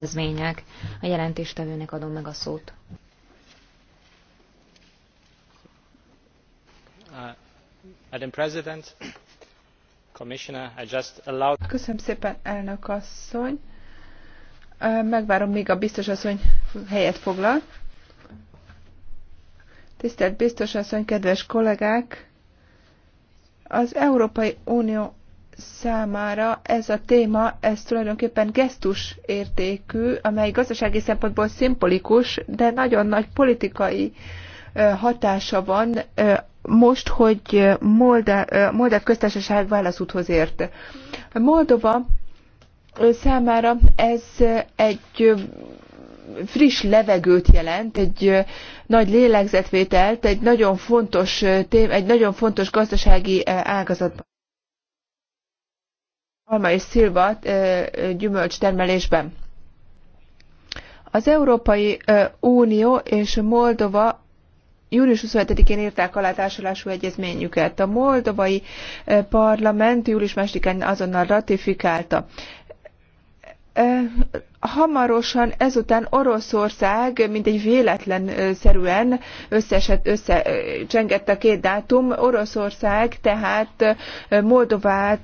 kedvezmények. A jelentéstevőnek adom meg a szót. Uh, Madam President, Commissioner, I just allowed... Köszönöm szépen, elnök asszony. Uh, megvárom, még a biztos asszony helyet foglal. Tisztelt biztos asszony, kedves kollégák! Az Európai Unió számára ez a téma, ez tulajdonképpen gesztus értékű, amely gazdasági szempontból szimbolikus, de nagyon nagy politikai hatása van most, hogy Moldá, Moldáv köztársaság válaszúthoz ért. Moldova számára ez egy friss levegőt jelent, egy nagy lélegzetvételt, egy nagyon fontos, egy nagyon fontos gazdasági ágazatban alma és szilva gyümölcstermelésben. Az Európai Unió és Moldova július 27-én írták alá társulású egyezményüket. A moldovai parlament július 2 én azonnal ratifikálta. Hamarosan ezután Oroszország, mint egy véletlen szerűen összesett, összecsengett a két dátum, Oroszország tehát Moldovát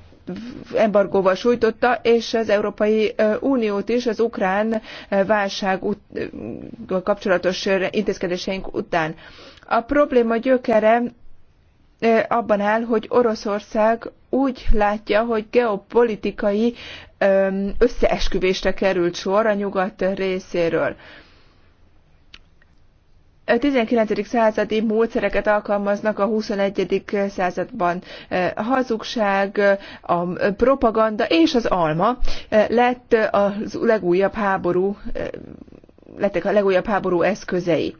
embargóval sújtotta, és az Európai Uniót is az ukrán válság kapcsolatos intézkedéseink után. A probléma gyökere abban áll, hogy Oroszország úgy látja, hogy geopolitikai összeesküvésre került sor a nyugat részéről. 19. századi módszereket alkalmaznak a 21. században. E, a hazugság, a propaganda és az alma e, lett a legújabb háború e, lettek a legújabb háború eszközei.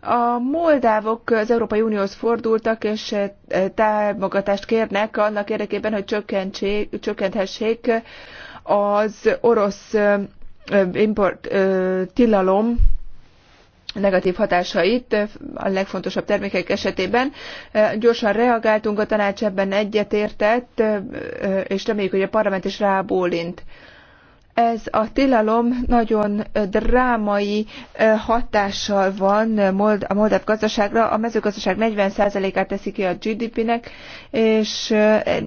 A moldávok az Európai Unióhoz fordultak, és támogatást kérnek annak érdekében, hogy csökkenthessék az orosz import tilalom negatív hatásait a legfontosabb termékek esetében. Gyorsan reagáltunk, a tanács ebben egyetértett, és reméljük, hogy a parlament is rábólint ez a tilalom nagyon drámai hatással van a moldáv gazdaságra. A mezőgazdaság 40%-át teszi ki a GDP-nek, és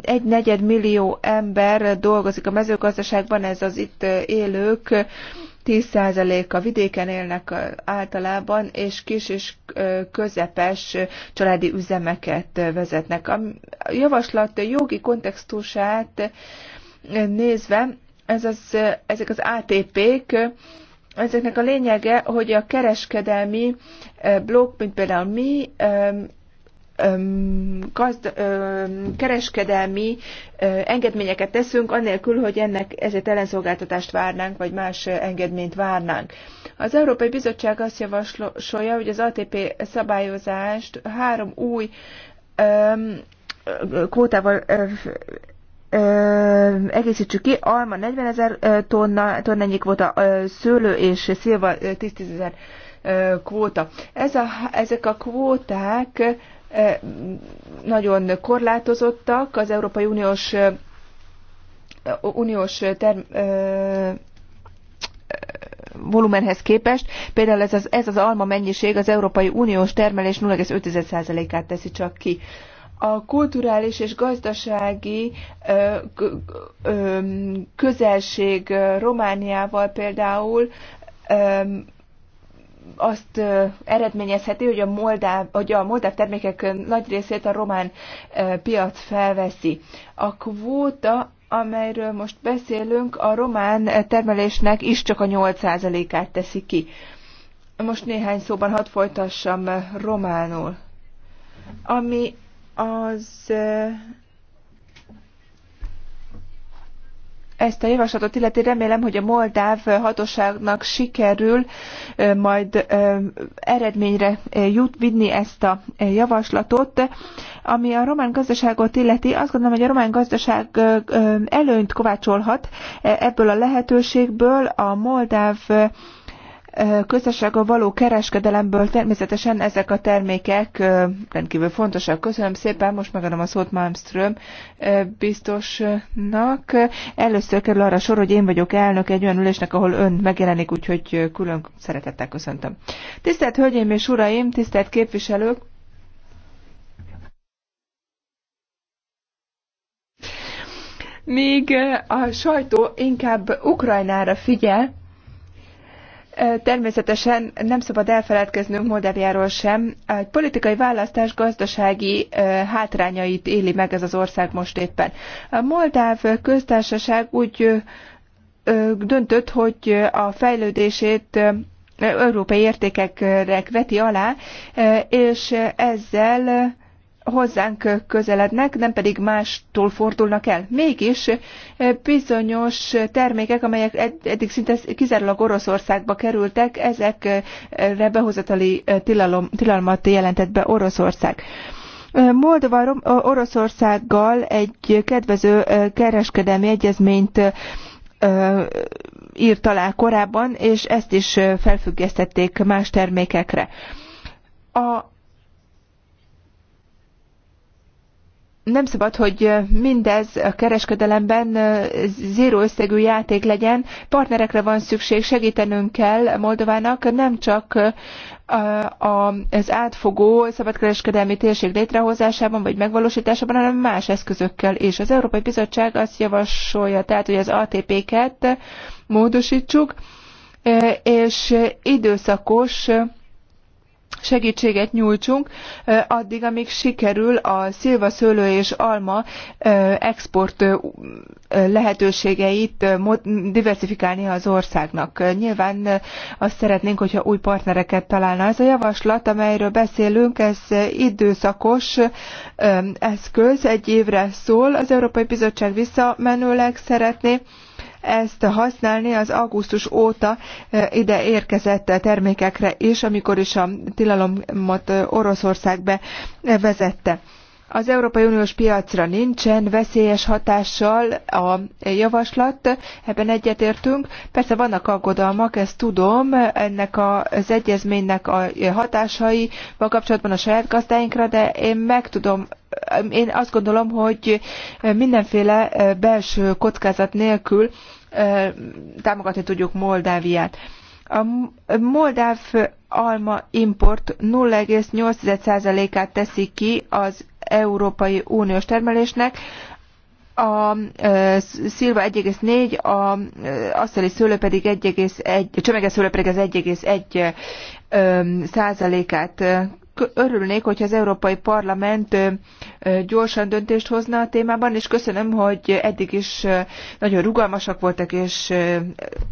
egy negyed millió ember dolgozik a mezőgazdaságban, ez az itt élők 10%-a vidéken élnek általában, és kis és közepes családi üzemeket vezetnek. A javaslat jogi kontextusát nézve, ez az, ezek az ATP-k, ezeknek a lényege, hogy a kereskedelmi blokk, mint például mi, gazd, kereskedelmi engedményeket teszünk, annélkül, hogy ennek ezért ellenszolgáltatást várnánk, vagy más engedményt várnánk. Az Európai Bizottság azt javasolja, hogy az ATP szabályozást három új kvótával ö, egészítsük ki, alma 40 ezer tonna, tonnányi kvóta, ö, szőlő és szilva 10 ezer kvóta. Ez a, ezek a kvóták nagyon korlátozottak az Európai Uniós uniós term, ö, volumenhez képest. Például ez az, ez az alma mennyiség az Európai Uniós termelés 0,5%-át teszi csak ki. A kulturális és gazdasági ö, ö, közelség Romániával például azt eredményezheti, hogy a moldáv, hogy a moldáv termékek nagy részét a román piac felveszi. A kvóta amelyről most beszélünk, a román termelésnek is csak a 8%-át teszi ki. Most néhány szóban hadd folytassam románul. Ami az ezt a javaslatot illeti, remélem, hogy a moldáv hatóságnak sikerül majd eredményre jut vinni ezt a javaslatot. Ami a román gazdaságot illeti, azt gondolom, hogy a román gazdaság előnyt kovácsolhat ebből a lehetőségből. A moldáv a való kereskedelemből természetesen ezek a termékek rendkívül fontosak. Köszönöm szépen, most megadom a szót Malmström biztosnak. Először kerül arra sor, hogy én vagyok elnök egy olyan ülésnek, ahol ön megjelenik, úgyhogy külön szeretettel köszöntöm. Tisztelt Hölgyeim és Uraim, tisztelt képviselők! Míg a sajtó inkább Ukrajnára figyel, Természetesen nem szabad elfeledkeznünk Moldáviáról sem. Egy politikai választás gazdasági hátrányait éli meg ez az ország most éppen. A Moldáv köztársaság úgy döntött, hogy a fejlődését európai értékekre veti alá, és ezzel hozzánk közelednek, nem pedig mástól fordulnak el. Mégis eh, bizonyos termékek, amelyek eddig szinte kizárólag Oroszországba kerültek, ezekre behozatali eh, tilalom, tilalmat jelentett be Oroszország. Eh, Moldova Oroszországgal egy kedvező kereskedelmi egyezményt írt alá korábban, és ezt is felfüggesztették más termékekre. A nem szabad, hogy mindez a kereskedelemben zéró összegű játék legyen. Partnerekre van szükség, segítenünk kell Moldovának, nem csak az átfogó szabadkereskedelmi térség létrehozásában vagy megvalósításában, hanem más eszközökkel is. Az Európai Bizottság azt javasolja, tehát, hogy az ATP-ket módosítsuk, és időszakos segítséget nyújtsunk, addig, amíg sikerül a szilvaszőlő és alma export lehetőségeit diversifikálni az országnak. Nyilván azt szeretnénk, hogyha új partnereket találna. Ez a javaslat, amelyről beszélünk, ez időszakos eszköz, egy évre szól. Az Európai Bizottság visszamenőleg szeretné ezt használni az augusztus óta e, ide érkezett termékekre is, amikor is a tilalomot e, Oroszország bevezette. E, az Európai Uniós piacra nincsen veszélyes hatással a javaslat, ebben egyetértünk. Persze vannak aggodalmak, ezt tudom, ennek az egyezménynek a hatásai kapcsolatban a saját gazdáinkra, de én meg tudom én azt gondolom, hogy mindenféle belső kockázat nélkül támogatni tudjuk Moldáviát. A moldáv alma import 0,8%-át teszi ki az Európai Uniós termelésnek, a e, szilva 1,4, a asszeli szőlő pedig 1,1, a csömeges szőlő pedig az 1,1 e, százalékát örülnék, hogyha az Európai Parlament gyorsan döntést hozna a témában, és köszönöm, hogy eddig is nagyon rugalmasak voltak, és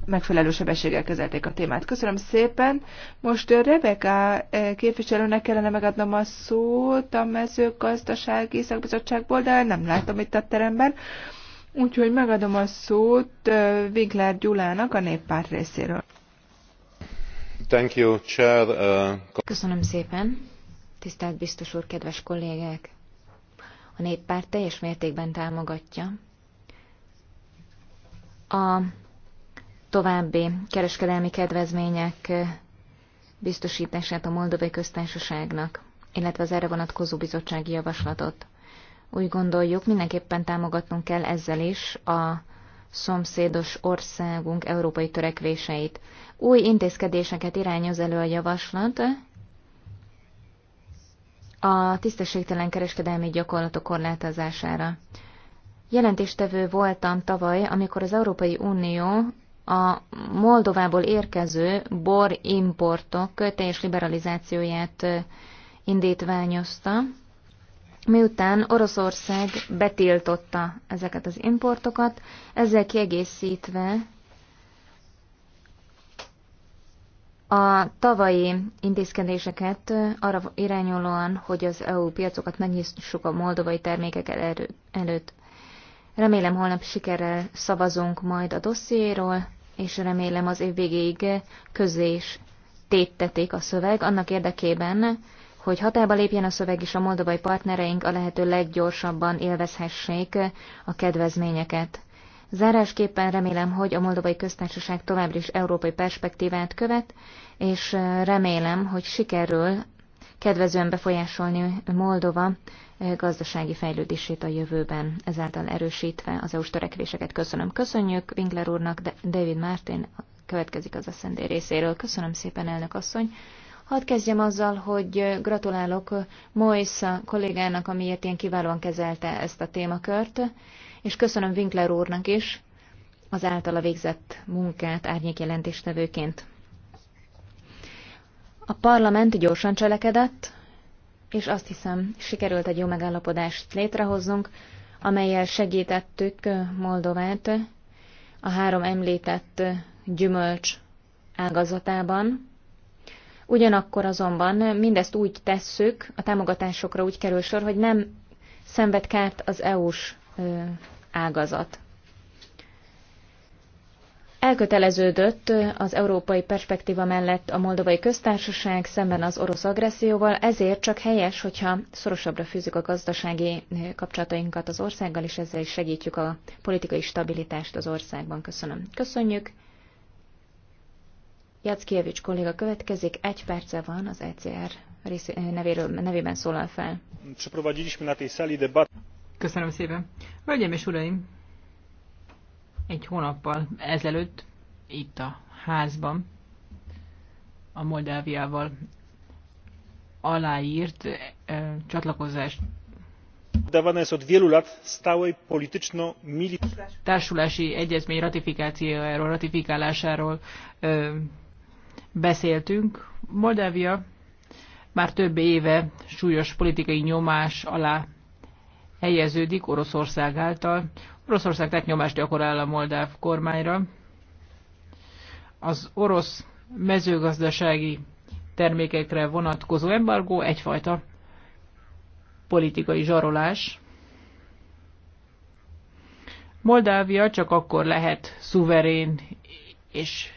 megfelelő sebességgel kezelték a témát. Köszönöm szépen. Most Rebeka képviselőnek kellene megadnom a szót a mezőgazdasági szakbizottságból, de nem látom itt a teremben. Úgyhogy megadom a szót Winkler Gyulának a néppárt részéről. Uh, köszönöm szépen tisztelt biztos úr, kedves kollégák! A néppárt teljes mértékben támogatja a további kereskedelmi kedvezmények biztosítását a Moldovai Köztársaságnak, illetve az erre vonatkozó bizottsági javaslatot. Úgy gondoljuk, mindenképpen támogatnunk kell ezzel is a szomszédos országunk európai törekvéseit. Új intézkedéseket irányoz elő a javaslat, a tisztességtelen kereskedelmi gyakorlatok korlátozására. Jelentéstevő voltam tavaly, amikor az Európai Unió a Moldovából érkező bor importok teljes liberalizációját indítványozta, miután Oroszország betiltotta ezeket az importokat, ezzel kiegészítve A tavalyi intézkedéseket arra irányulóan, hogy az EU piacokat megnyissuk a moldovai termékek elő, előtt. Remélem holnap sikerrel szavazunk majd a dossziéról, és remélem az év végéig közés téttetik a szöveg, annak érdekében, hogy hatába lépjen a szöveg, és a moldovai partnereink a lehető leggyorsabban élvezhessék a kedvezményeket. Zárásképpen remélem, hogy a Moldovai Köztársaság továbbra is európai perspektívát követ, és remélem, hogy sikerül kedvezően befolyásolni Moldova gazdasági fejlődését a jövőben, ezáltal erősítve az EU-s törekvéseket. Köszönöm. Köszönjük Winkler úrnak, David Martin következik az SZND részéről. Köszönöm szépen, elnök asszony. Hadd kezdjem azzal, hogy gratulálok Moisza kollégának, amiért ilyen kiválóan kezelte ezt a témakört és köszönöm Winkler úrnak is az általa végzett munkát árnyékjelentéstevőként. A parlament gyorsan cselekedett, és azt hiszem, sikerült egy jó megállapodást létrehoznunk, amelyel segítettük Moldovát a három említett gyümölcs ágazatában. Ugyanakkor azonban mindezt úgy tesszük, a támogatásokra úgy kerül sor, hogy nem szenved kárt az EU-s ágazat. Elköteleződött az európai perspektíva mellett a moldovai köztársaság szemben az orosz agresszióval, ezért csak helyes, hogyha szorosabbra fűzzük a gazdasági kapcsolatainkat az országgal, és ezzel is segítjük a politikai stabilitást az országban. Köszönöm. Köszönjük. Jackiewicz kolléga következik, egy perce van az ECR nevéről, nevében szólal fel. Köszönöm szépen. Hölgyeim és uraim, egy hónappal ezelőtt itt a házban a Moldáviával aláírt e, csatlakozást poddawana jest od wielu lat stałej polityczno militarnej társulási egyezmény ratifikációjáról, ratifikálásáról e, beszéltünk. Moldávia már több éve súlyos politikai nyomás alá helyeződik Oroszország által. Oroszország tett nyomást gyakorál a moldáv kormányra. Az orosz mezőgazdasági termékekre vonatkozó embargó egyfajta politikai zsarolás. Moldávia csak akkor lehet szuverén és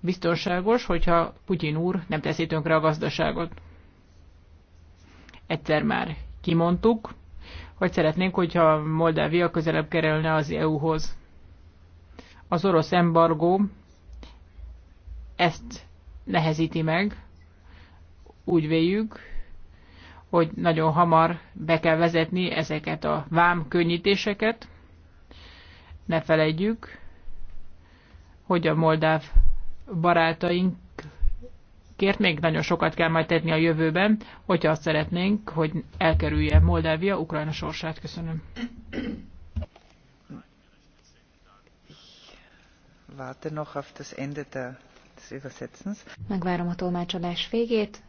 biztonságos, hogyha Putyin úr nem teszi tönkre a gazdaságot. Egyszer már kimondtuk, hogy szeretnénk, hogyha Moldávia közelebb kerülne az EU-hoz. Az orosz embargó ezt nehezíti meg. Úgy véljük, hogy nagyon hamar be kell vezetni ezeket a vám könnyítéseket. Ne felejtjük, hogy a moldáv barátaink célokért még nagyon sokat kell majd tenni a jövőben, hogyha azt szeretnénk, hogy elkerülje Moldávia Ukrajna sorsát. Köszönöm. Megvárom a tolmácsolás végét.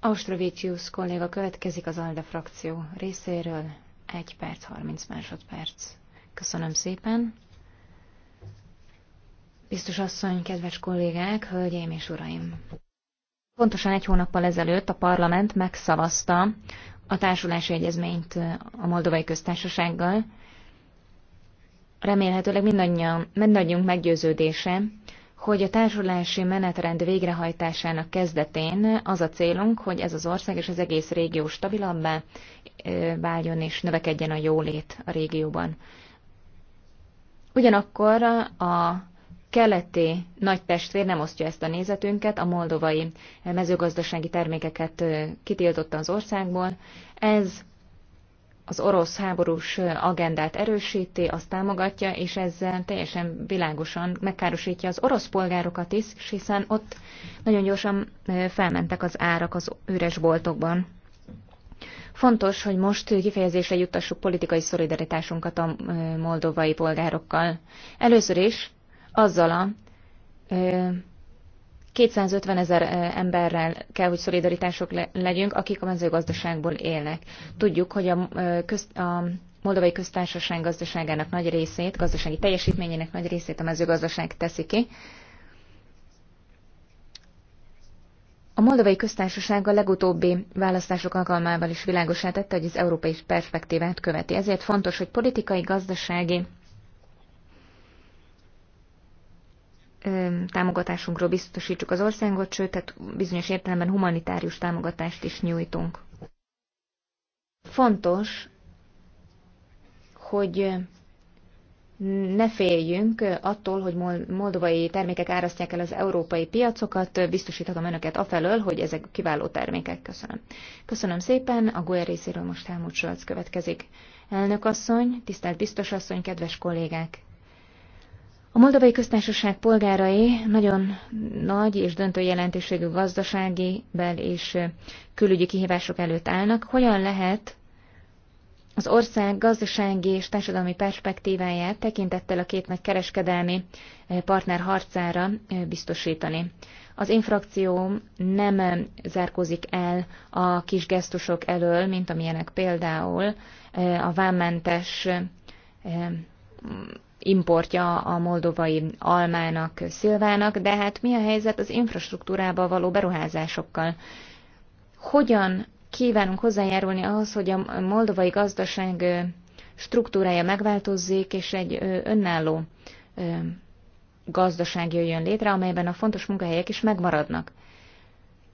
Austrovicius kolléga következik az ALDE frakció részéről. 1 perc, 30 másodperc. Köszönöm szépen. Biztos asszony, kedves kollégák, hölgyeim és uraim! Pontosan egy hónappal ezelőtt a parlament megszavazta a társulási egyezményt a Moldovai Köztársasággal. Remélhetőleg mindannyian, mindannyiunk meggyőződése, hogy a társulási menetrend végrehajtásának kezdetén az a célunk, hogy ez az ország és az egész régió stabilabbá váljon és növekedjen a jólét a régióban. Ugyanakkor a keleti nagy testvér nem osztja ezt a nézetünket, a moldovai mezőgazdasági termékeket kitiltotta az országból. Ez az orosz háborús agendát erősíti, azt támogatja, és ezzel teljesen világosan megkárosítja az orosz polgárokat is, hiszen ott nagyon gyorsan felmentek az árak az üres boltokban. Fontos, hogy most kifejezésre juttassuk politikai szolidaritásunkat a moldovai polgárokkal. Először is azzal a 250 ezer emberrel kell, hogy szolidaritások legyünk, akik a mezőgazdaságból élnek. Tudjuk, hogy a, közt, a Moldovai Köztársaság gazdaságának nagy részét, gazdasági teljesítményének nagy részét a mezőgazdaság teszi ki. A Moldovai Köztársaság a legutóbbi választások alkalmával is világosá tette, hogy az európai perspektívát követi. Ezért fontos, hogy politikai, gazdasági támogatásunkról biztosítsuk az országot, sőt, tehát bizonyos értelemben humanitárius támogatást is nyújtunk. Fontos, hogy ne féljünk attól, hogy moldovai termékek árasztják el az európai piacokat, biztosíthatom önöket afelől, hogy ezek kiváló termékek. Köszönöm. Köszönöm szépen, a GUE részéről most Helmut Scholz következik. Elnök asszony, tisztelt biztos asszony, kedves kollégák! A Moldovai Köztársaság polgárai nagyon nagy és döntő jelentőségű gazdasági, bel és külügyi kihívások előtt állnak. Hogyan lehet az ország gazdasági és társadalmi perspektíváját tekintettel a két nagy kereskedelmi partner harcára biztosítani. Az infrakció nem zárkózik el a kis gesztusok elől, mint amilyenek például a vámmentes importja a moldovai almának, szilvának, de hát mi a helyzet az infrastruktúrába való beruházásokkal? Hogyan kívánunk hozzájárulni ahhoz, hogy a moldovai gazdaság struktúrája megváltozzék, és egy önálló gazdaság jöjjön létre, amelyben a fontos munkahelyek is megmaradnak.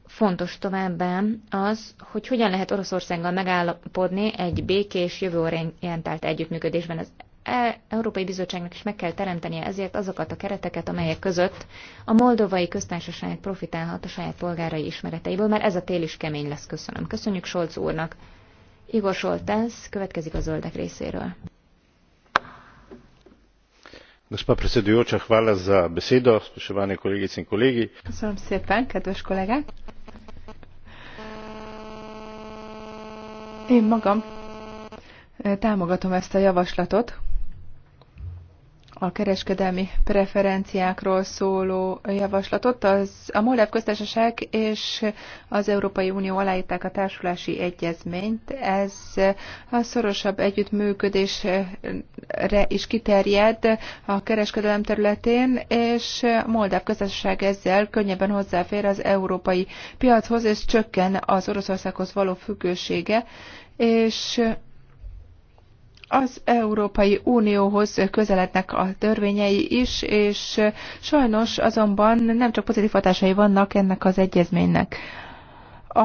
Fontos továbbá az, hogy hogyan lehet Oroszországgal megállapodni egy békés, jövőorientált együttműködésben. az E Európai Bizottságnak is meg kell teremtenie ezért azokat a kereteket, amelyek között a moldovai köztársaság profitálhat a saját polgárai ismereteiből, mert ez a tél is kemény lesz, köszönöm. Köszönjük Solc úrnak. Igor Soltász következik a zöldek részéről. Gospa csak hvala za besedo, spoštovane kolegice in kolegi. Köszönöm szépen, kedves kollégák. Én magam eh, támogatom ezt a javaslatot, a kereskedelmi preferenciákról szóló javaslatot. Az, a Moldáv köztársaság és az Európai Unió aláírták a társulási egyezményt. Ez a szorosabb együttműködésre is kiterjed a kereskedelem területén, és a Moldáv köztársaság ezzel könnyebben hozzáfér az európai piachoz, és csökken az Oroszországhoz való függősége, és az Európai Unióhoz közelednek a törvényei is, és sajnos azonban nem csak pozitív hatásai vannak ennek az egyezménynek. A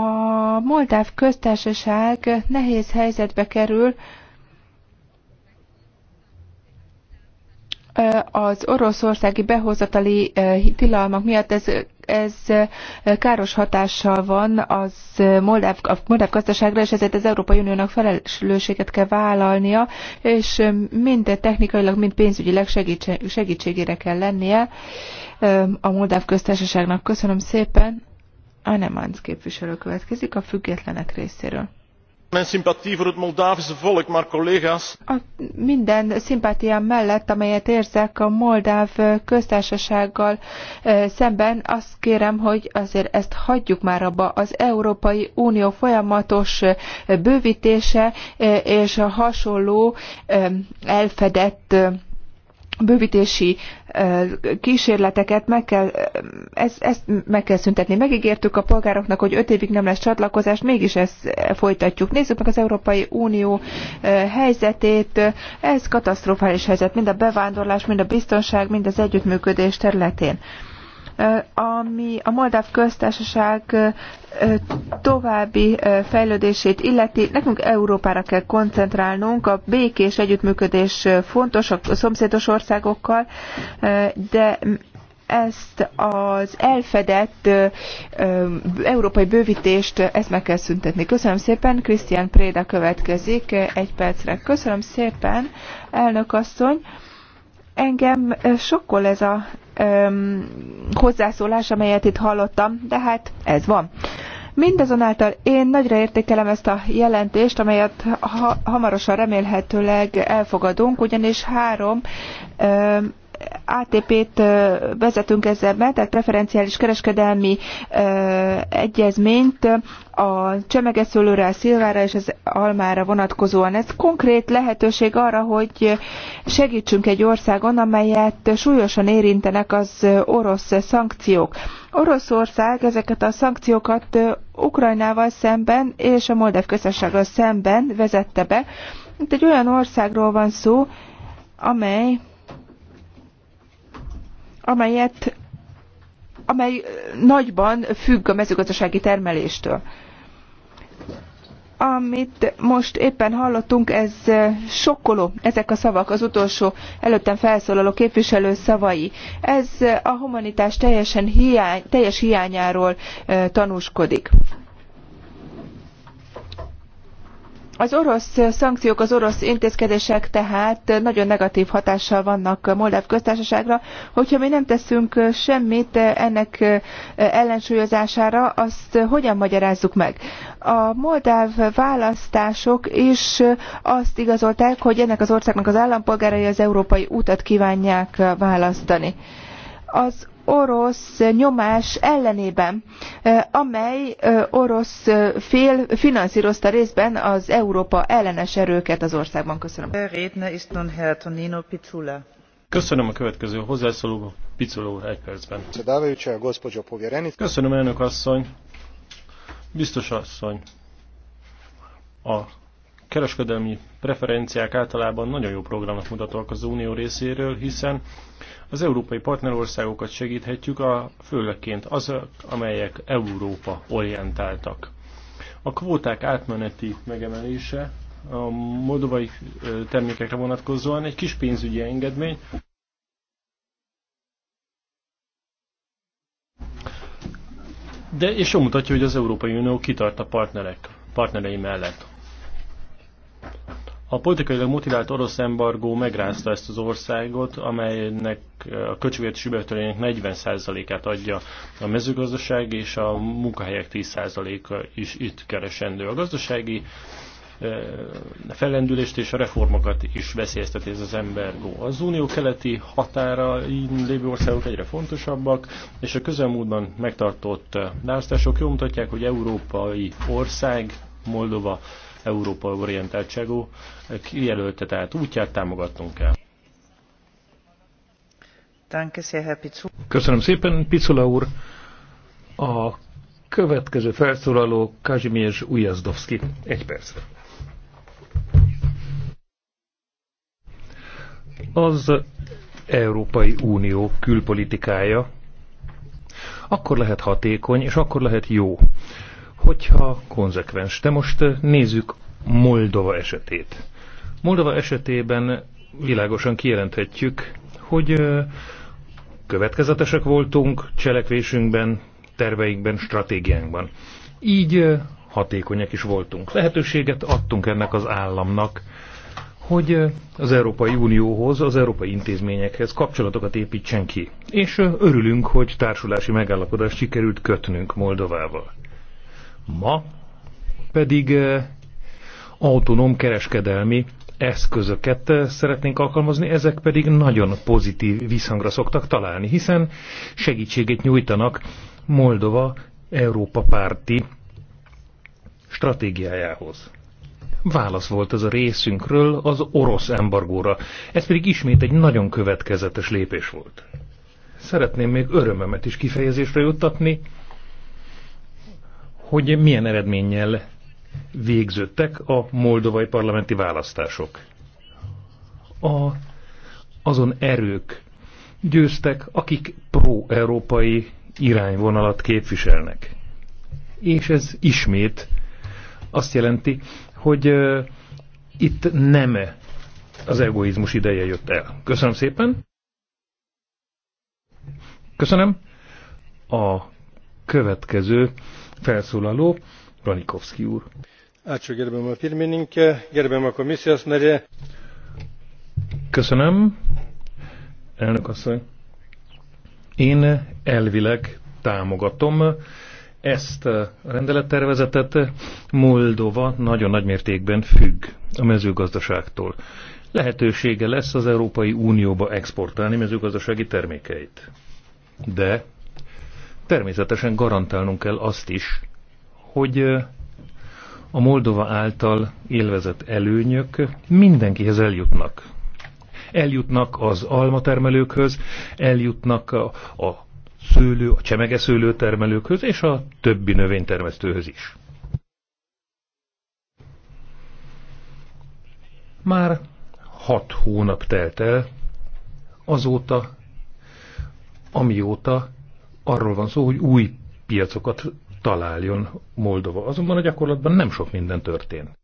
Moldáv köztársaság nehéz helyzetbe kerül, az oroszországi behozatali tilalmak miatt ez, ez káros hatással van az moldáv, a moldáv gazdaságra, és ezért az Európai Uniónak felelősséget kell vállalnia, és mind technikailag, mind pénzügyileg segítségére kell lennie a moldáv köztársaságnak. Köszönöm szépen. Anemánc képviselő következik a függetlenek részéről. Mijn sympathie voor het Moldavische volk, maar collega's. minden szimpátiám mellett, amelyet érzek a Moldáv köztársasággal szemben, azt kérem, hogy azért ezt hagyjuk már abba. Az Európai Unió folyamatos bővítése és a hasonló elfedett bővítési kísérleteket meg kell, ezt, ezt meg kell szüntetni. Megígértük a polgároknak, hogy öt évig nem lesz csatlakozás, mégis ezt folytatjuk. Nézzük meg az Európai Unió helyzetét. Ez katasztrofális helyzet, mind a bevándorlás, mind a biztonság, mind az együttműködés területén ami a Moldáv köztársaság további fejlődését illeti, nekünk Európára kell koncentrálnunk, a békés együttműködés fontos a szomszédos országokkal, de ezt az elfedett európai bővítést, ezt meg kell szüntetni. Köszönöm szépen, Krisztián Préda következik egy percre. Köszönöm szépen, elnök asszony. Engem sokkol ez a öm, hozzászólás, amelyet itt hallottam, de hát ez van. Mindazonáltal én nagyra értékelem ezt a jelentést, amelyet ha, hamarosan remélhetőleg elfogadunk, ugyanis három öm, ATP-t vezetünk ezzel be, tehát preferenciális kereskedelmi egyezményt a csemegeszőlőre, a szilvára és az almára vonatkozóan. Ez konkrét lehetőség arra, hogy segítsünk egy országon, amelyet súlyosan érintenek az orosz szankciók. Oroszország ezeket a szankciókat Ukrajnával szemben és a Moldev közösséggel szemben vezette be. Itt egy olyan országról van szó, amely amelyet, amely nagyban függ a mezőgazdasági termeléstől. Amit most éppen hallottunk, ez sokkoló, ezek a szavak, az utolsó előttem felszólaló képviselő szavai. Ez a humanitás teljesen hiány, teljes hiányáról tanúskodik. Az orosz szankciók, az orosz intézkedések tehát nagyon negatív hatással vannak a Moldáv köztársaságra. Hogyha mi nem teszünk semmit ennek ellensúlyozására, azt hogyan magyarázzuk meg? A moldáv választások is azt igazolták, hogy ennek az országnak az állampolgárai az európai útat kívánják választani. Az orosz nyomás ellenében, eh, amely eh, orosz eh, fél finanszírozta részben az Európa ellenes erőket az országban. Köszönöm. Köszönöm a következő hozzászóló Picoló egy percben. Köszönöm elnök asszony, biztos asszony. A kereskedelmi preferenciák általában nagyon jó programnak mutatok az Unió részéről, hiszen az európai partnerországokat segíthetjük, a, főlegként azok, amelyek Európa orientáltak. A kvóták átmeneti megemelése a moldovai termékekre vonatkozóan egy kis pénzügyi engedmény, de és jól mutatja, hogy az Európai Unió kitart a partnerek, partnerei mellett. A politikailag motivált orosz embargó megrázta ezt az országot, amelynek a köcsvért sübertölének 40%-át adja a mezőgazdaság, és a munkahelyek 10%-a is itt keresendő. A gazdasági e, fellendülést és a reformokat is veszélyezteti ez az embergó. Az unió keleti határain lévő országok egyre fontosabbak, és a közelmúltban megtartott választások jól mutatják, hogy európai ország, Moldova Európa orientáltságú kijelölte, tehát útját támogatnunk kell. Köszönöm szépen, Picula úr. A következő felszólaló Kazimierz Ujazdowski. Egy perc. Az Európai Unió külpolitikája akkor lehet hatékony, és akkor lehet jó, hogyha konzekvens. De most eh, nézzük Moldova esetét. Moldova esetében világosan kijelenthetjük, hogy eh, következetesek voltunk cselekvésünkben, terveinkben, stratégiánkban. Így eh, hatékonyak is voltunk. Lehetőséget adtunk ennek az államnak, hogy az Európai Unióhoz, az európai intézményekhez kapcsolatokat építsen ki. És örülünk, hogy társulási megállapodást sikerült kötnünk Moldovával. Ma pedig autonóm kereskedelmi eszközöket szeretnénk alkalmazni, ezek pedig nagyon pozitív visszhangra szoktak találni, hiszen segítséget nyújtanak Moldova Európa párti stratégiájához. Válasz volt ez a részünkről az orosz embargóra, ez pedig ismét egy nagyon következetes lépés volt. Szeretném még örömömet is kifejezésre juttatni, hogy milyen eredménnyel végződtek a moldovai parlamenti választások. A, azon erők győztek, akik pro-európai irányvonalat képviselnek. És ez ismét azt jelenti, hogy uh, itt nem az egoizmus ideje jött el. Köszönöm szépen. Köszönöm. A következő Felszólaló Ranikovszki úr. Ácsú gerbem a pirmininke, gerbem a komisziós nere. Köszönöm, elnök asszony. Én elvileg támogatom ezt a rendelettervezetet. Moldova nagyon nagy mértékben függ a mezőgazdaságtól. Lehetősége lesz az Európai Unióba exportálni mezőgazdasági termékeit. De Természetesen garantálnunk kell azt is, hogy a Moldova által élvezett előnyök mindenkihez eljutnak. Eljutnak az almatermelőkhöz, eljutnak a, a szőlő, a csemegeszőlő termelőkhöz és a többi növénytermesztőhöz is. Már hat hónap telt el azóta, amióta arról van szó, hogy új piacokat találjon Moldova. Azonban a gyakorlatban nem sok minden történt.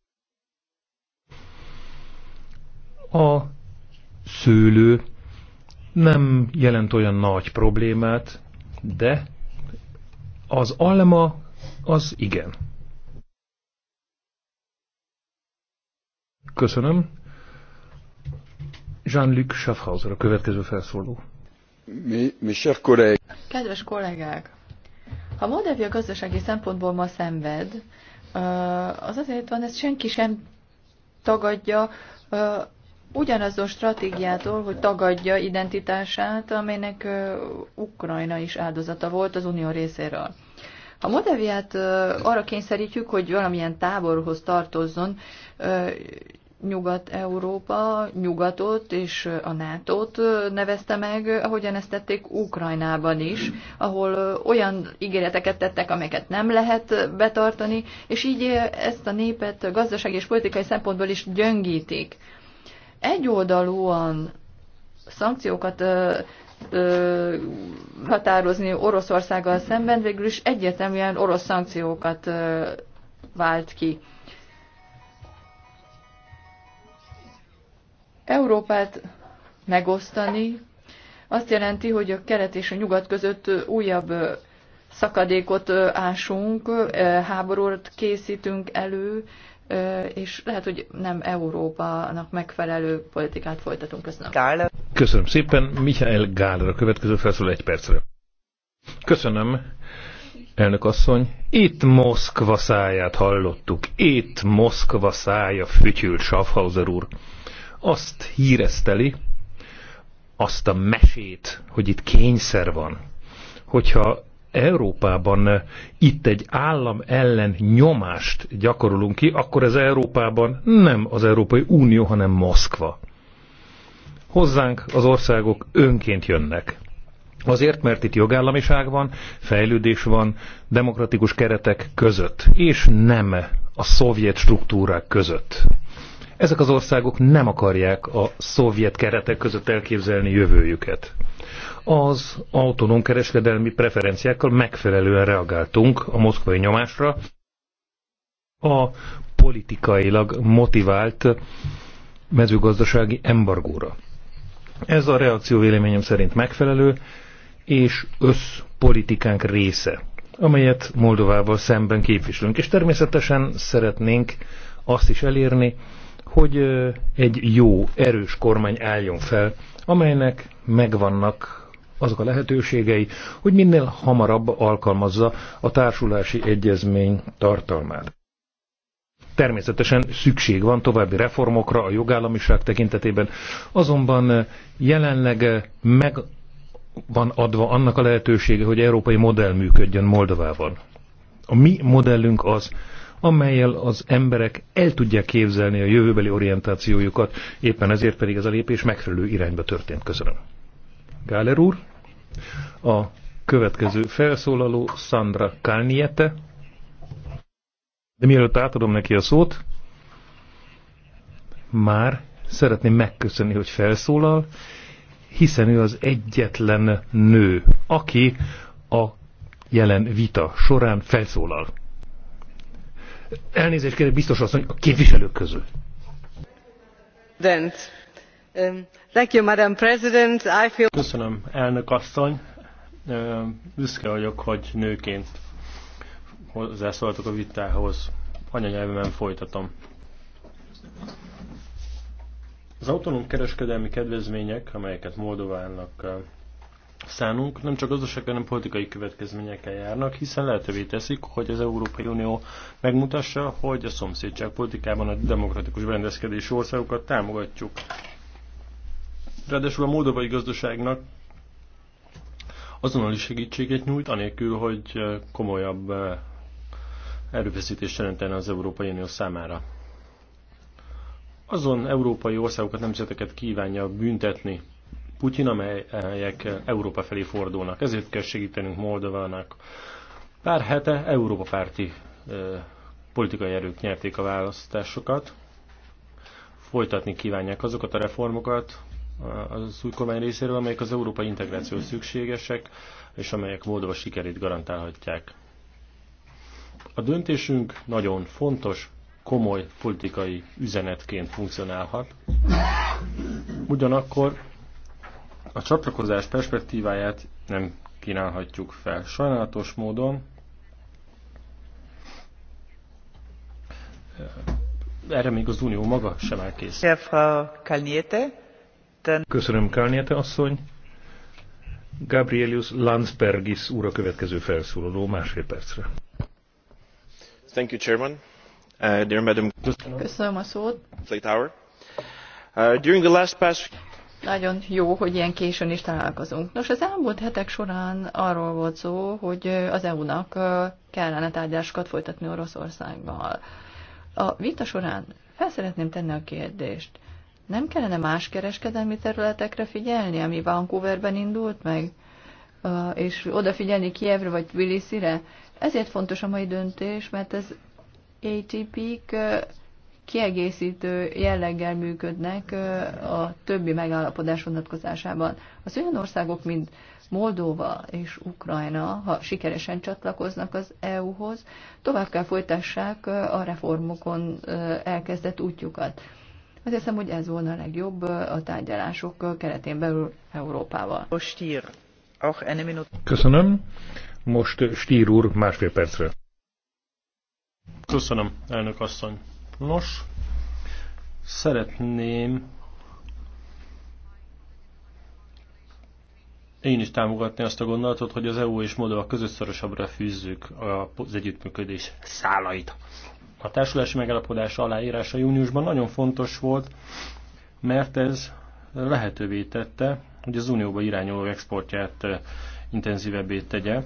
A szőlő nem jelent olyan nagy problémát, de az alma az igen. Köszönöm. Jean-Luc Schaffhauser, a következő felszóló. Kedves kollégák! Ha Moldávia gazdasági szempontból ma szenved, az azért van, ezt senki sem tagadja ugyanazon stratégiától, hogy tagadja identitását, amelynek Ukrajna is áldozata volt az unió részéről. Ha Moldáviát arra kényszerítjük, hogy valamilyen táborhoz tartozzon, Nyugat-Európa, nyugatot és a NATO-t nevezte meg, ahogyan ezt tették Ukrajnában is, ahol olyan ígéreteket tettek, amelyeket nem lehet betartani, és így ezt a népet gazdasági és politikai szempontból is gyöngítik. Egyoldalúan szankciókat határozni Oroszországgal szemben végül is egyértelműen orosz szankciókat vált ki. Európát megosztani azt jelenti, hogy a kelet és a nyugat között újabb szakadékot ásunk, háborút készítünk elő, és lehet, hogy nem Európának megfelelő politikát folytatunk. Köszönöm. Gál. Köszönöm szépen. Gáler A következő felszól egy percre. Köszönöm, elnök asszony. Itt Moszkva száját hallottuk. Itt Moszkva szája fütyül Schaffhauser úr azt hírezteli, azt a mesét, hogy itt kényszer van. Hogyha Európában itt egy állam ellen nyomást gyakorolunk ki, akkor ez Európában nem az Európai Unió, hanem Moszkva. Hozzánk az országok önként jönnek. Azért, mert itt jogállamiság van, fejlődés van, demokratikus keretek között, és nem a szovjet struktúrák között. Ezek az országok nem akarják a szovjet keretek között elképzelni jövőjüket. Az autonóm kereskedelmi preferenciákkal megfelelően reagáltunk a moszkvai nyomásra. A politikailag motivált mezőgazdasági embargóra. Ez a reakció véleményem szerint megfelelő, és összpolitikánk része, amelyet Moldovával szemben képviselünk. És természetesen szeretnénk azt is elérni, hogy egy jó, erős kormány álljon fel, amelynek megvannak azok a lehetőségei, hogy minél hamarabb alkalmazza a társulási egyezmény tartalmát. Természetesen szükség van további reformokra a jogállamiság tekintetében, azonban jelenleg meg van adva annak a lehetősége, hogy európai modell működjön Moldovában. A mi modellünk az, amelyel az emberek el tudják képzelni a jövőbeli orientációjukat, éppen ezért pedig ez a lépés megfelelő irányba történt. Köszönöm. Gáler úr, a következő felszólaló Sandra Kalniete. De mielőtt átadom neki a szót, már szeretném megköszönni, hogy felszólal, hiszen ő az egyetlen nő, aki a jelen vita során felszólal. Elnézést kérek, biztos asszony, a képviselők közül. Um, Köszönöm, elnök asszony. Um, büszke vagyok, hogy nőként hozzászóltok a vitához. Anyanyelvemen folytatom. Az autonóm kereskedelmi kedvezmények, amelyeket Moldovának uh, szánunk, nem csak gazdasági, hanem politikai következményekkel járnak, hiszen lehetővé teszik, hogy az Európai Unió megmutassa, hogy a szomszédság politikában a demokratikus berendezkedési országokat támogatjuk. Ráadásul a moldovai gazdaságnak azonnali segítséget nyújt, anélkül, hogy komolyabb erőfeszítést jelentene az Európai Unió számára. Azon európai országokat, nemzeteket kívánja büntetni, Putyin, amelyek Európa felé fordulnak. Ezért kell segítenünk Moldovának. Pár hete Európa párti politikai erők nyerték a választásokat. Folytatni kívánják azokat a reformokat az új kormány részéről, amelyek az európai integráció szükségesek, és amelyek Moldova sikerét garantálhatják. A döntésünk nagyon fontos, komoly politikai üzenetként funkcionálhat. Ugyanakkor a csatlakozás perspektíváját nem kínálhatjuk fel. Sajnálatos módon eh, erre még az Unió maga sem elkész. Köszönöm, Kalniete asszony. Gabrielius Landsbergis úr a következő felszólaló másfél percre. Thank you, Chairman. Uh, dear Madam... Köszönöm a szót. Tower. Uh, during the last past... Nagyon jó, hogy ilyen későn is találkozunk. Nos, az elmúlt hetek során arról volt szó, hogy az EU-nak kellene tárgyásokat folytatni Oroszországgal. A vita során felszeretném tenni a kérdést. Nem kellene más kereskedelmi területekre figyelni, ami Vancouverben indult meg? És odafigyelni Kievre vagy tbilisi Ezért fontos a mai döntés, mert ez ATP-k kiegészítő jelleggel működnek a többi megállapodás vonatkozásában. Az olyan országok, mint Moldova és Ukrajna, ha sikeresen csatlakoznak az EU-hoz, tovább kell folytassák a reformokon elkezdett útjukat. Azt hiszem, hogy ez volna a legjobb a tárgyalások keretén belül Európával. Köszönöm. Most Stír úr másfél percre. Köszönöm, elnök asszony. Nos, szeretném én is támogatni azt a gondolatot, hogy az EU és Moldova között szorosabbra fűzzük az együttműködés szálait. A társulási megállapodás aláírása júniusban nagyon fontos volt, mert ez lehetővé tette, hogy az unióba irányuló exportját intenzívebbé tegye.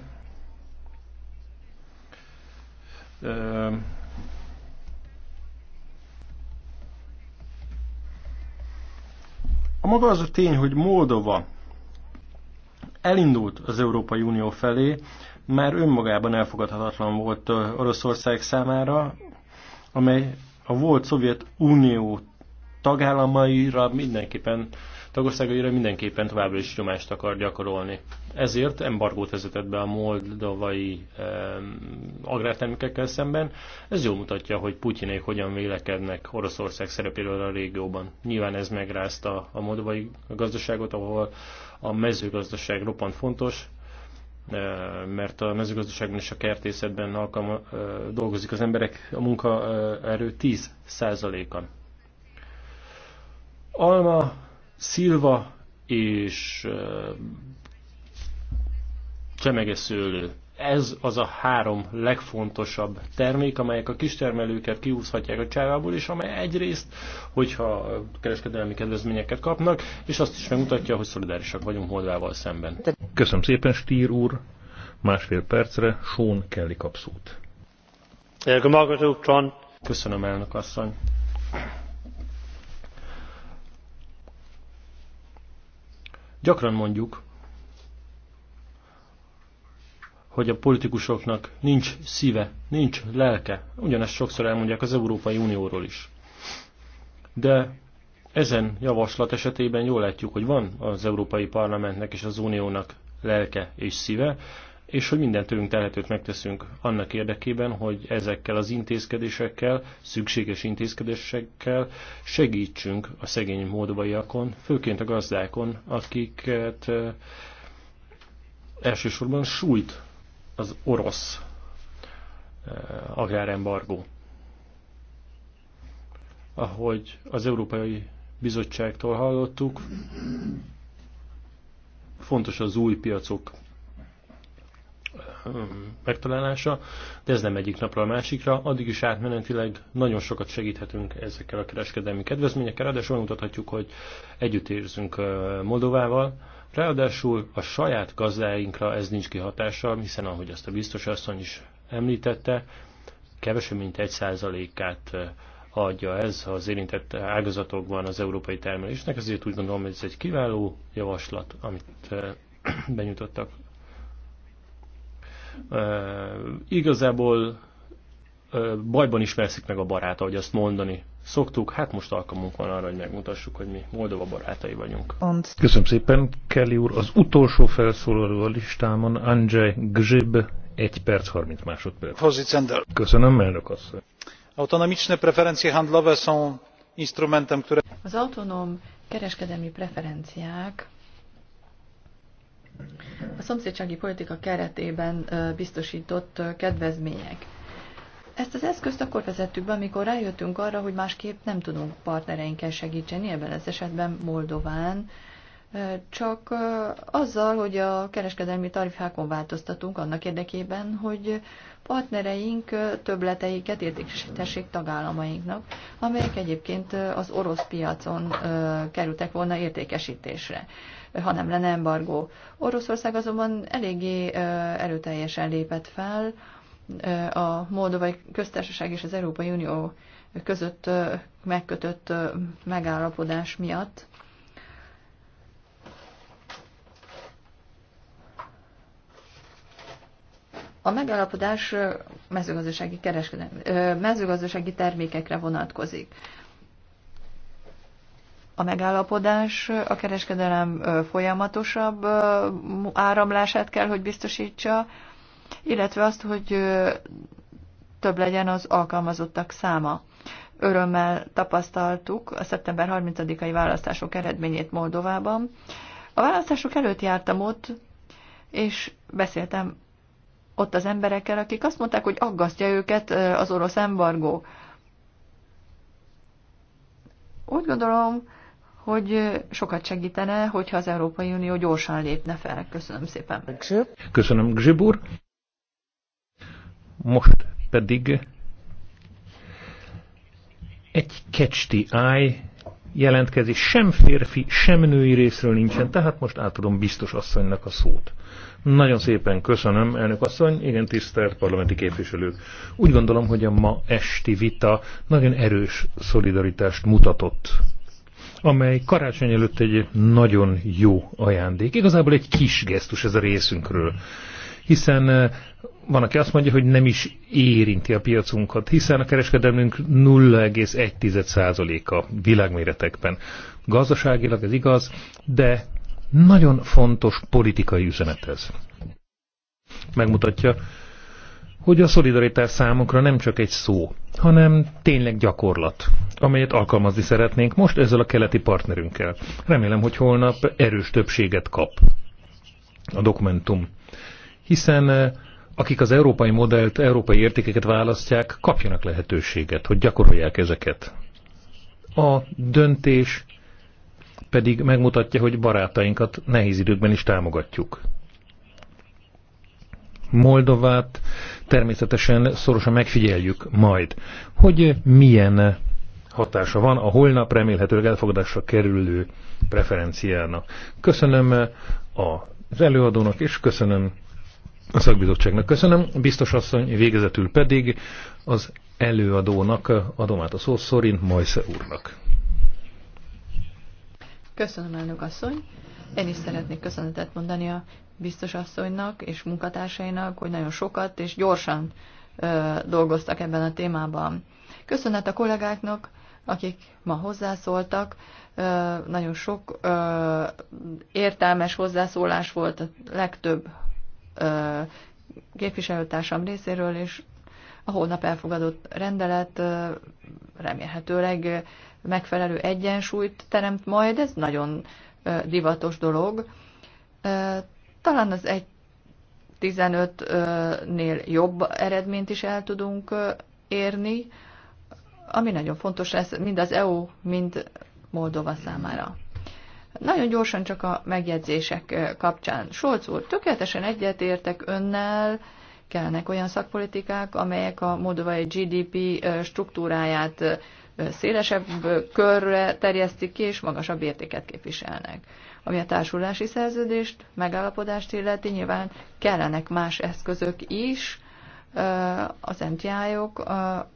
A maga az a tény, hogy Moldova elindult az Európai Unió felé, már önmagában elfogadhatatlan volt Oroszország számára, amely a volt Szovjet Unió tagállamaira mindenképpen tagországaira mindenképpen továbbra is nyomást akar gyakorolni. Ezért embargót vezetett be a moldovai eh, agrártermékekkel szemben. Ez jól mutatja, hogy Putyinék hogyan vélekednek Oroszország szerepéről a régióban. Nyilván ez megrázta a moldovai gazdaságot, ahol a mezőgazdaság roppant fontos, mert a mezőgazdaságban és a kertészetben alkalma, dolgozik az emberek a munkaerő 10%-an. Alma, Szilva és csemegeszőlő. Ez az a három legfontosabb termék, amelyek a kistermelőket kiúszhatják a csávából, és amely egyrészt, hogyha kereskedelmi kedvezményeket kapnak, és azt is megmutatja, hogy szolidárisak vagyunk Moldvával szemben. Köszönöm szépen, Stír úr! Másfél percre Sean Kelly kapszút. Köszönöm, elnök asszony! Gyakran mondjuk, hogy a politikusoknak nincs szíve, nincs lelke. Ugyanezt sokszor elmondják az Európai Unióról is. De ezen javaslat esetében jól látjuk, hogy van az Európai Parlamentnek és az Uniónak lelke és szíve, és hogy minden tőlünk telhetőt megteszünk annak érdekében, hogy ezekkel az intézkedésekkel, szükséges intézkedésekkel segítsünk a szegény módvaiakon, főként a gazdákon, akiket eh, elsősorban sújt az orosz eh, agrárembargó. Ahogy az Európai Bizottságtól hallottuk, fontos az új piacok megtalálása, de ez nem egyik napra a másikra. Addig is átmenetileg nagyon sokat segíthetünk ezekkel a kereskedelmi kedvezményekkel, soha mutathatjuk, hogy együtt érzünk Moldovával, Ráadásul a saját gazdáinkra ez nincs kihatással, hiszen ahogy azt a biztos asszony is említette, kevesebb mint egy százalékát adja ez az érintett ágazatokban az európai termelésnek, ezért úgy gondolom, hogy ez egy kiváló javaslat, amit benyújtottak Igazából bajban is veszik meg a barát, ahogy azt mondani szoktuk. Hát most alkalmunk van arra, hogy megmutassuk, hogy mi Moldova barátai vagyunk. Köszönöm szépen, Kelly úr. Az utolsó felszólaló a listámon Andrzej Grzyb, 1 perc 30 másodperc. Köszönöm, elnök asszony. Autonomiczne preferencje handlowe są instrumentem, które... Az autonóm kereskedelmi preferenciák a szomszédsági politika keretében biztosított kedvezmények. Ezt az eszközt akkor vezettük be, amikor rájöttünk arra, hogy másképp nem tudunk partnereinkkel segíteni, ebben az esetben Moldován, csak azzal, hogy a kereskedelmi tarifákon változtatunk annak érdekében, hogy partnereink többleteiket értékesítessék tagállamainknak, amelyek egyébként az orosz piacon kerültek volna értékesítésre ha nem lenne embargó. Oroszország azonban eléggé erőteljesen lépett fel, a Moldovai Köztársaság és az Európai Unió között megkötött megállapodás miatt. A megállapodás mezőgazdasági, mezőgazdasági termékekre vonatkozik a megállapodás a kereskedelem folyamatosabb áramlását kell, hogy biztosítsa, illetve azt, hogy több legyen az alkalmazottak száma. Örömmel tapasztaltuk a szeptember 30-ai választások eredményét Moldovában. A választások előtt jártam ott, és beszéltem ott az emberekkel, akik azt mondták, hogy aggasztja őket az orosz embargó. Úgy gondolom, hogy sokat segítene, hogyha az Európai Unió gyorsan lépne fel. Köszönöm szépen. Köszönöm, Gzsibur. Most pedig egy kecsti áj jelentkezik, sem férfi, sem női részről nincsen, tehát most átadom biztos asszonynak a szót. Nagyon szépen köszönöm, elnök asszony, igen, tisztelt parlamenti képviselők. Úgy gondolom, hogy a ma esti vita nagyon erős szolidaritást mutatott amely karácsony előtt egy nagyon jó ajándék. Igazából egy kis gesztus ez a részünkről, hiszen eh, van, aki azt mondja, hogy nem is érinti a piacunkat, hiszen a kereskedelmünk 0,1%-a világméretekben. Gazdaságilag ez igaz, de nagyon fontos politikai üzenet ez. Megmutatja, hogy a szolidaritás számunkra nem csak egy szó, hanem tényleg gyakorlat, amelyet alkalmazni szeretnénk most ezzel a keleti partnerünkkel. Remélem, hogy holnap erős többséget kap a dokumentum. Hiszen eh, akik az európai modellt, európai értékeket választják, kapjanak lehetőséget, hogy gyakorolják ezeket. A döntés pedig megmutatja, hogy barátainkat nehéz időkben is támogatjuk. Moldovát természetesen szorosan megfigyeljük majd, hogy milyen hatása van a holnap remélhetőleg elfogadásra kerülő preferenciának. Köszönöm az előadónak, és köszönöm a szakbizottságnak. Köszönöm. Biztos asszony végezetül pedig az előadónak adom át a szó Szorint Majsze úrnak. Köszönöm, elnök asszony. Én is szeretnék köszönetet mondani a biztos asszonynak és munkatársainak, hogy nagyon sokat és gyorsan ö, dolgoztak ebben a témában. Köszönet a kollégáknak, akik ma hozzászóltak. Ö, nagyon sok ö, értelmes hozzászólás volt a legtöbb ö, képviselőtársam részéről, és a holnap elfogadott rendelet ö, remélhetőleg ö, megfelelő egyensúlyt teremt majd. Ez nagyon ö, divatos dolog. Talán az egy 15-nél jobb eredményt is el tudunk érni, ami nagyon fontos lesz mind az EU, mind Moldova számára. Nagyon gyorsan csak a megjegyzések kapcsán. Solc úr, tökéletesen egyetértek önnel, kellnek olyan szakpolitikák, amelyek a moldovai GDP struktúráját szélesebb körre terjesztik ki, és magasabb értéket képviselnek. Ami a társulási szerződést, megállapodást illeti, nyilván kellenek más eszközök is, az NTI-ok, -ok,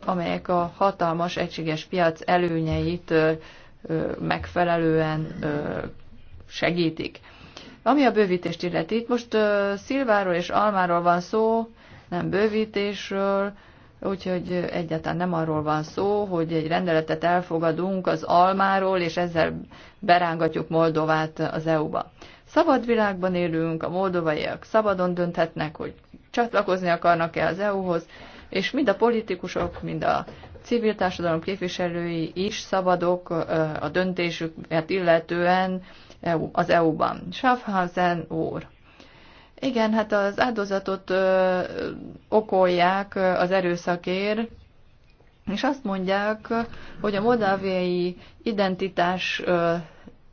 amelyek a hatalmas egységes piac előnyeit megfelelően segítik. Ami a bővítést illeti, itt most szilváról és almáról van szó, nem bővítésről, Úgyhogy egyáltalán nem arról van szó, hogy egy rendeletet elfogadunk az almáról, és ezzel berángatjuk Moldovát az EU-ba. Szabad világban élünk, a moldovaiak szabadon dönthetnek, hogy csatlakozni akarnak-e az EU-hoz, és mind a politikusok, mind a civil társadalom képviselői is szabadok a döntésüket illetően e az EU-ban. Schaffhausen úr. Igen, hát az áldozatot ö, okolják az erőszakért, és azt mondják, hogy a modávéi identitás ö,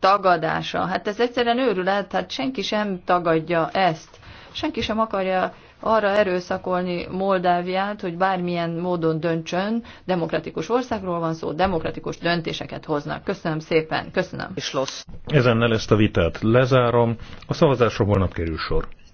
tagadása, hát ez egyszerűen őrület, hát senki sem tagadja ezt. Senki sem akarja arra erőszakolni Moldáviát, hogy bármilyen módon döntsön, demokratikus országról van szó, demokratikus döntéseket hoznak. Köszönöm szépen, köszönöm. Ezennel ezt a vitát lezárom, a szavazásra holnap kerül sor.